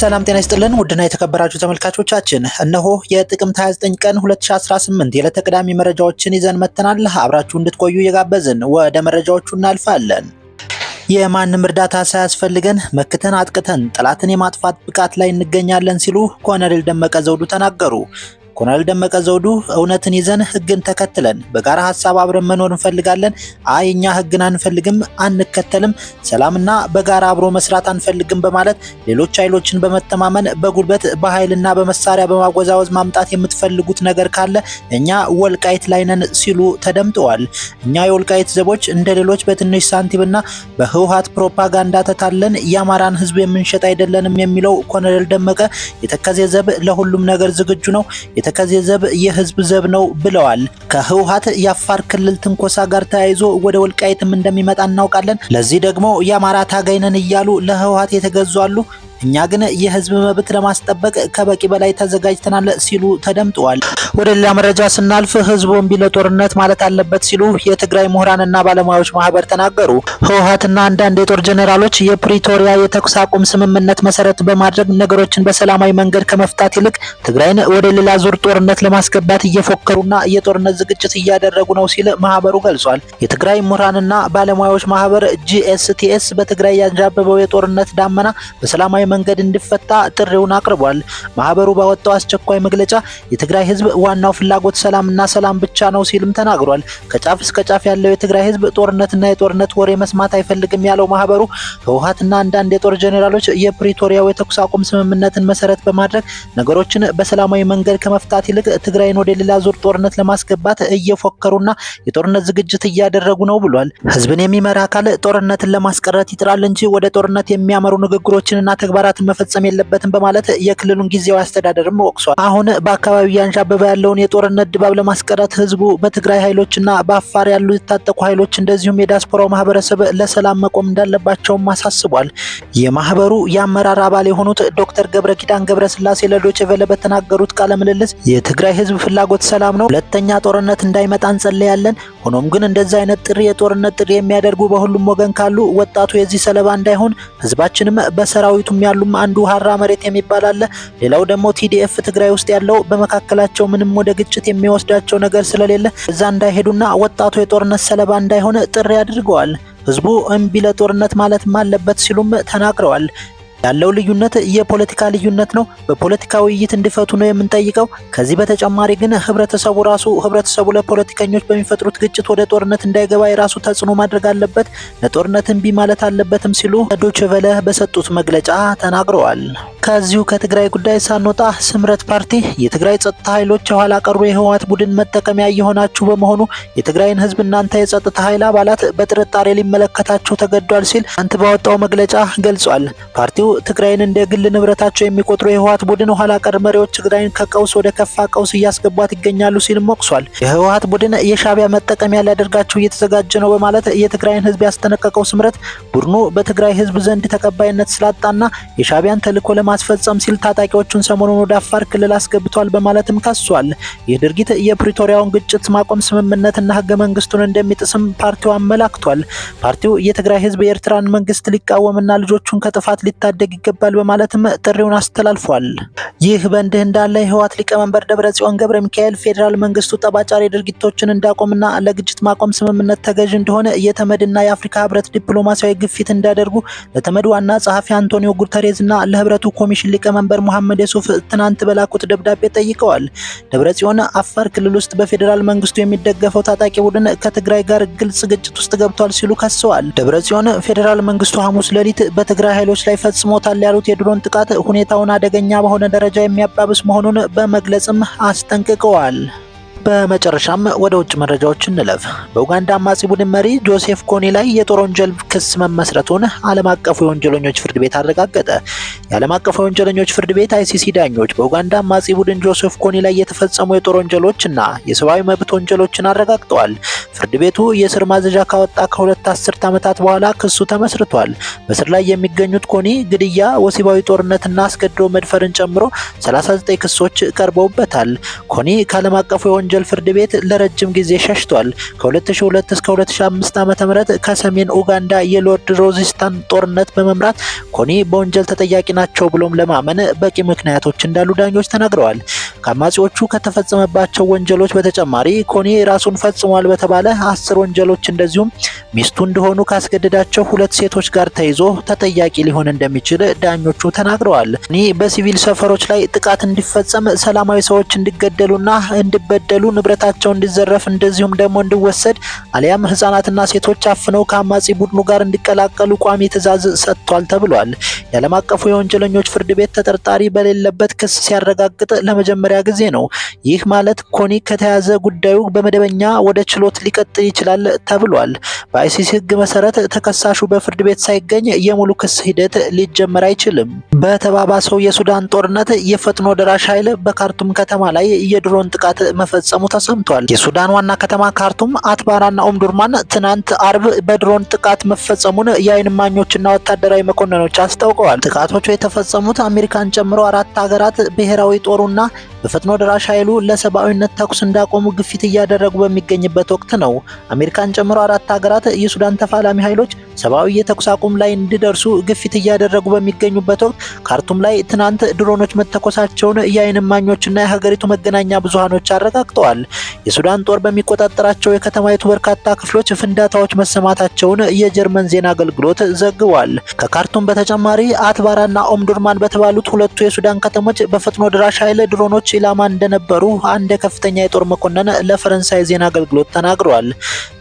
ሰላም ጤና ይስጥልን ውድና የተከበራችሁ ተመልካቾቻችን፣ እነሆ የጥቅምት 29 ቀን 2018 የዕለተ ቅዳሜ መረጃዎችን ይዘን መጥተናል። አብራችሁ እንድትቆዩ እየጋበዝን ወደ መረጃዎቹ እናልፋለን። የማንም እርዳታ ሳያስፈልገን መክተን አጥቅተን ጠላትን የማጥፋት ብቃት ላይ እንገኛለን ሲሉ ኮሎኔል ደመቀ ዘውዱ ተናገሩ። ኮሎኔል ደመቀ ዘውዱ እውነትን ይዘን ህግን ተከትለን በጋራ ሀሳብ አብረን መኖር እንፈልጋለን። አይ እኛ ህግን አንፈልግም፣ አንከተልም፣ ሰላምና በጋራ አብሮ መስራት አንፈልግም በማለት ሌሎች ኃይሎችን በመተማመን በጉልበት በኃይልና በመሳሪያ በማወዛወዝ ማምጣት የምትፈልጉት ነገር ካለ እኛ ወልቃይት ላይ ነን ሲሉ ተደምጠዋል። እኛ የወልቃይት ዘቦች እንደ ሌሎች በትንሽ ሳንቲምና በህውሃት ፕሮፓጋንዳ ተታለን የአማራን ህዝብ የምንሸጥ አይደለንም የሚለው ኮሎኔል ደመቀ የተከዜ ዘብ ለሁሉም ነገር ዝግጁ ነው የተከዜ ዘብ የህዝብ ዘብ ነው ብለዋል። ከህወሀት የአፋር ክልል ትንኮሳ ጋር ተያይዞ ወደ ወልቃይትም እንደሚመጣ እናውቃለን። ለዚህ ደግሞ የአማራ ታጋይ እያሉ ለህወሀት የተገዙ አሉ። እኛ ግን የህዝብ መብት ለማስጠበቅ ከበቂ በላይ ተዘጋጅተናል ሲሉ ተደምጠዋል። ወደ ሌላ መረጃ ስናልፍ ህዝቡ እምቢ ለጦርነት ማለት አለበት ሲሉ የትግራይ ምሁራንና ባለሙያዎች ማህበር ተናገሩ። ህወሀትና አንዳንድ የጦር ጀኔራሎች የፕሪቶሪያ የተኩስ አቁም ስምምነት መሰረት በማድረግ ነገሮችን በሰላማዊ መንገድ ከመፍታት ይልቅ ትግራይን ወደ ሌላ ዙር ጦርነት ለማስገባት እየፎከሩና የጦርነት ዝግጅት እያደረጉ ነው ሲል ማህበሩ ገልጿል። የትግራይ ምሁራንና ባለሙያዎች ማህበር ጂኤስቲኤስ በትግራይ ያንዣበበው የጦርነት ዳመና በሰላማዊ መንገድ እንዲፈታ ጥሪውን አቅርቧል። ማህበሩ ባወጣው አስቸኳይ መግለጫ የትግራይ ህዝብ ዋናው ፍላጎት ሰላምና ሰላም ብቻ ነው ሲልም ተናግሯል። ከጫፍ እስከ ጫፍ ያለው የትግራይ ህዝብ ጦርነትና የጦርነት ወሬ መስማት አይፈልግም ያለው ማህበሩ ህወሓትና አንዳንድ የጦር ጄኔራሎች የፕሪቶሪያው የተኩስ አቁም ስምምነትን መሰረት በማድረግ ነገሮችን በሰላማዊ መንገድ ከመፍታት ይልቅ ትግራይን ወደ ሌላ ዙር ጦርነት ለማስገባት እየፎከሩና የጦርነት ዝግጅት እያደረጉ ነው ብሏል። ህዝብን የሚመራ አካል ጦርነትን ለማስቀረት ይጥራል እንጂ ወደ ጦርነት የሚያመሩ ንግግሮችንና ተግባራትን መፈጸም የለበትም በማለት የክልሉን ጊዜያዊ አስተዳደርም ወቅሷል። አሁን በአካባቢው ያንዣበበ ያለውን የጦርነት ድባብ ለማስቀረት ህዝቡ በትግራይ ኃይሎችና በአፋር ያሉ የታጠቁ ኃይሎች እንደዚሁም የዲያስፖራው ማህበረሰብ ለሰላም መቆም እንዳለባቸውም አሳስቧል። የማህበሩ የአመራር አባል የሆኑት ዶክተር ገብረ ኪዳን ገብረ ስላሴ ለዶይቼ ቬለ በተናገሩት ቃለ ምልልስ የትግራይ ህዝብ ፍላጎት ሰላም ነው፣ ሁለተኛ ጦርነት እንዳይመጣ እንጸለያለን። ሆኖም ግን እንደዚህ አይነት ጥሪ የጦርነት ጥሪ የሚያደርጉ በሁሉም ወገን ካሉ ወጣቱ የዚህ ሰለባ እንዳይሆን ህዝባችንም በሰራዊቱም ያሉም አንዱ ሀራ መሬት የሚባል አለ፣ ሌላው ደግሞ ቲዲኤፍ ትግራይ ውስጥ ያለው በመካከላቸው ምን ምንም ወደ ግጭት የሚወስዳቸው ነገር ስለሌለ እዛ እንዳይሄዱና ወጣቱ የጦርነት ሰለባ እንዳይሆን ጥሪ አድርገዋል። ህዝቡ እምቢ ለጦርነት ማለትም አለበት ሲሉም ተናግረዋል። ያለው ልዩነት የፖለቲካ ልዩነት ነው። በፖለቲካ ውይይት እንዲፈቱ ነው የምንጠይቀው። ከዚህ በተጨማሪ ግን ህብረተሰቡ ራሱ ህብረተሰቡ ለፖለቲከኞች በሚፈጥሩት ግጭት ወደ ጦርነት እንዳይገባ የራሱ ተጽዕኖ ማድረግ አለበት፣ ለጦርነት እምቢ ማለት አለበትም ሲሉ ዶይቼ ቬለ በሰጡት መግለጫ ተናግረዋል። ከዚሁ ከትግራይ ጉዳይ ሳንወጣ ስምረት ፓርቲ የትግራይ ጸጥታ ኃይሎች የኋላ ቀሩ የህወሓት ቡድን መጠቀሚያ እየሆናችሁ በመሆኑ የትግራይን ህዝብ እናንተ የጸጥታ ኃይል አባላት በጥርጣሬ ሊመለከታችሁ ተገዷል ሲል አንት ባወጣው መግለጫ ገልጿል። ፓርቲው ትግራይን እንደ ግል ንብረታቸው የሚቆጥሩ የህወሀት ቡድን ኋላ ቀር መሪዎች ትግራይን ከቀውስ ወደ ከፋ ቀውስ እያስገቧት ይገኛሉ ሲልም ወቅሷል። የህወሀት ቡድን የሻቢያ መጠቀሚያ ሊያደርጋቸው እየተዘጋጀ ነው በማለት የትግራይን ህዝብ ያስጠነቀቀው ስምረት ቡድኑ በትግራይ ህዝብ ዘንድ ተቀባይነት ስላጣና የሻቢያን ተልዕኮ ለማስፈጸም ሲል ታጣቂዎቹን ሰሞኑን ወደ አፋር ክልል አስገብቷል በማለትም ከሷል። ይህ ድርጊት የፕሪቶሪያውን ግጭት ማቆም ስምምነትና ህገ መንግስቱን እንደሚጥስም ፓርቲው አመላክቷል። ፓርቲው የትግራይ ህዝብ የኤርትራን መንግስት ሊቃወምና ልጆቹን ከጥፋት ሊታደ ሊታደግ ይገባል በማለትም ጥሪውን አስተላልፏል። ይህ በእንዲህ እንዳለ የህወሓት ሊቀመንበር ደብረጽዮን ገብረ ሚካኤል ፌዴራል መንግስቱ ጠባጫሪ ድርጊቶችን እንዳቆምና ለግጭት ማቆም ስምምነት ተገዥ እንደሆነ የተመድና የአፍሪካ ህብረት ዲፕሎማሲያዊ ግፊት እንዲያደርጉ ለተመድ ዋና ጸሐፊ አንቶኒዮ ና ለህብረቱ ኮሚሽን ሊቀመንበር መሐመድ የሱፍ ትናንት በላኩት ደብዳቤ ጠይቀዋል። ደብረጽዮን አፋር ክልል ውስጥ በፌዴራል መንግስቱ የሚደገፈው ታጣቂ ቡድን ከትግራይ ጋር ግልጽ ግጭት ውስጥ ገብቷል ሲሉ ከሰዋል። ደብረጽዮን ፌዴራል መንግስቱ ሐሙስ ሌሊት በትግራይ ኃይሎች ላይ ፈጽሞ ገጥሞታል ያሉት የድሮን ጥቃት ሁኔታውን አደገኛ በሆነ ደረጃ የሚያባብስ መሆኑን በመግለጽም አስጠንቅቀዋል። በመጨረሻም ወደ ውጭ መረጃዎች እንለፍ። በኡጋንዳ አማጺ ቡድን መሪ ጆሴፍ ኮኒ ላይ የጦር ወንጀል ክስ መመስረቱን ዓለም አቀፉ የወንጀለኞች ፍርድ ቤት አረጋገጠ። የዓለም አቀፉ የወንጀለኞች ፍርድ ቤት አይሲሲ ዳኞች በኡጋንዳ አማጺ ቡድን ጆሴፍ ኮኒ ላይ የተፈጸሙ የጦር ወንጀሎችና የሰብአዊ መብት ወንጀሎችን አረጋግጠዋል። ፍርድ ቤቱ የስር ማዘዣ ካወጣ ከሁለት አስርት ዓመታት በኋላ ክሱ ተመስርቷል። በስር ላይ የሚገኙት ኮኒ ግድያ፣ ወሲባዊ ጦርነትና አስገድዶ መድፈርን ጨምሮ 39 ክሶች ቀርበውበታል። ኮኒ ከዓለም አቀፉ ወንጀል ፍርድ ቤት ለረጅም ጊዜ ሸሽቷል። ከ2002 እስከ 2005 ዓ.ም ከሰሜን ኡጋንዳ የሎርድ ሮዚስታን ጦርነት በመምራት ኮኒ በወንጀል ተጠያቂ ናቸው ብሎም ለማመን በቂ ምክንያቶች እንዳሉ ዳኞች ተናግረዋል። ከአማጺዎቹ ከተፈጸመባቸው ወንጀሎች በተጨማሪ ኮኒ ራሱን ፈጽሟል በተባለ አስር ወንጀሎች እንደዚሁም ሚስቱ እንደሆኑ ካስገደዳቸው ሁለት ሴቶች ጋር ተይዞ ተጠያቂ ሊሆን እንደሚችል ዳኞቹ ተናግረዋል። ኮኒ በሲቪል ሰፈሮች ላይ ጥቃት እንዲፈጸም፣ ሰላማዊ ሰዎች እንዲገደሉና እንዲበደሉ ኃይሉ ንብረታቸው እንዲዘረፍ እንደዚሁም ደግሞ እንዲወሰድ አሊያም ህጻናትና ሴቶች አፍነው ከአማጺ ቡድኑ ጋር እንዲቀላቀሉ ቋሚ ትእዛዝ ሰጥቷል ተብሏል። የዓለም አቀፉ የወንጀለኞች ፍርድ ቤት ተጠርጣሪ በሌለበት ክስ ሲያረጋግጥ ለመጀመሪያ ጊዜ ነው። ይህ ማለት ኮኒ ከተያዘ ጉዳዩ በመደበኛ ወደ ችሎት ሊቀጥል ይችላል ተብሏል። በአይሲሲ ህግ መሰረት ተከሳሹ በፍርድ ቤት ሳይገኝ የሙሉ ክስ ሂደት ሊጀመር አይችልም። በተባባሰው የሱዳን ጦርነት የፈጥኖ ደራሽ ኃይል በካርቱም ከተማ ላይ የድሮን ጥቃት መፈጸም መፈጸሙ ተሰምቷል። የሱዳን ዋና ከተማ ካርቱም አትባራና ኦምዱርማን ትናንት አርብ በድሮን ጥቃት መፈጸሙን የአይን እማኞችና ወታደራዊ መኮንኖች አስታውቀዋል። ጥቃቶቹ የተፈጸሙት አሜሪካን ጨምሮ አራት ሀገራት ብሔራዊ ጦሩና በፈጥኖ ደራሽ ኃይሉ ለሰብአዊነት ተኩስ እንዳቆሙ ግፊት እያደረጉ በሚገኝበት ወቅት ነው። አሜሪካን ጨምሮ አራት ሀገራት የሱዳን ተፋላሚ ኃይሎች ሰብአዊ የተኩስ አቁም ላይ እንዲደርሱ ግፊት እያደረጉ በሚገኙበት ወቅት ካርቱም ላይ ትናንት ድሮኖች መተኮሳቸውን የዓይን እማኞችና የሀገሪቱ መገናኛ ብዙሃኖች አረጋግጠዋል። የሱዳን ጦር በሚቆጣጠራቸው የከተማይቱ በርካታ ክፍሎች ፍንዳታዎች መሰማታቸውን የጀርመን ዜና አገልግሎት ዘግቧል። ከካርቱም በተጨማሪ አትባራና ኦምዱርማን በተባሉት ሁለቱ የሱዳን ከተሞች በፈጥኖ ድራሽ ኃይል ድሮኖች ኢላማ እንደነበሩ አንድ ከፍተኛ የጦር መኮንን ለፈረንሳይ ዜና አገልግሎት ተናግሯል።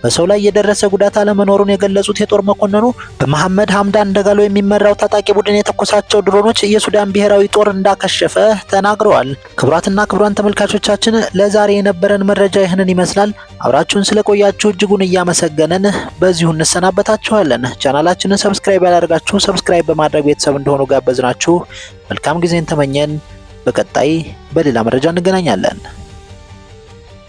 በሰው ላይ የደረሰ ጉዳት አለመኖሩን የገለጹት የጦር መኮንን ሲኮንኑ በመሐመድ ሀምዳን ደጋሎ የሚመራው ታጣቂ ቡድን የተኮሳቸው ድሮኖች የሱዳን ብሔራዊ ጦር እንዳከሸፈ ተናግረዋል። ክቡራትና ክቡራን ተመልካቾቻችን ለዛሬ የነበረን መረጃ ይህንን ይመስላል። አብራችሁን ስለቆያችሁ እጅጉን እያመሰገነን በዚሁ እንሰናበታችኋለን። ቻናላችንን ሰብስክራይብ ያላደርጋችሁ ሰብስክራይብ በማድረግ ቤተሰብ እንደሆኑ ጋበዝናችሁ። መልካም ጊዜን ተመኘን። በቀጣይ በሌላ መረጃ እንገናኛለን።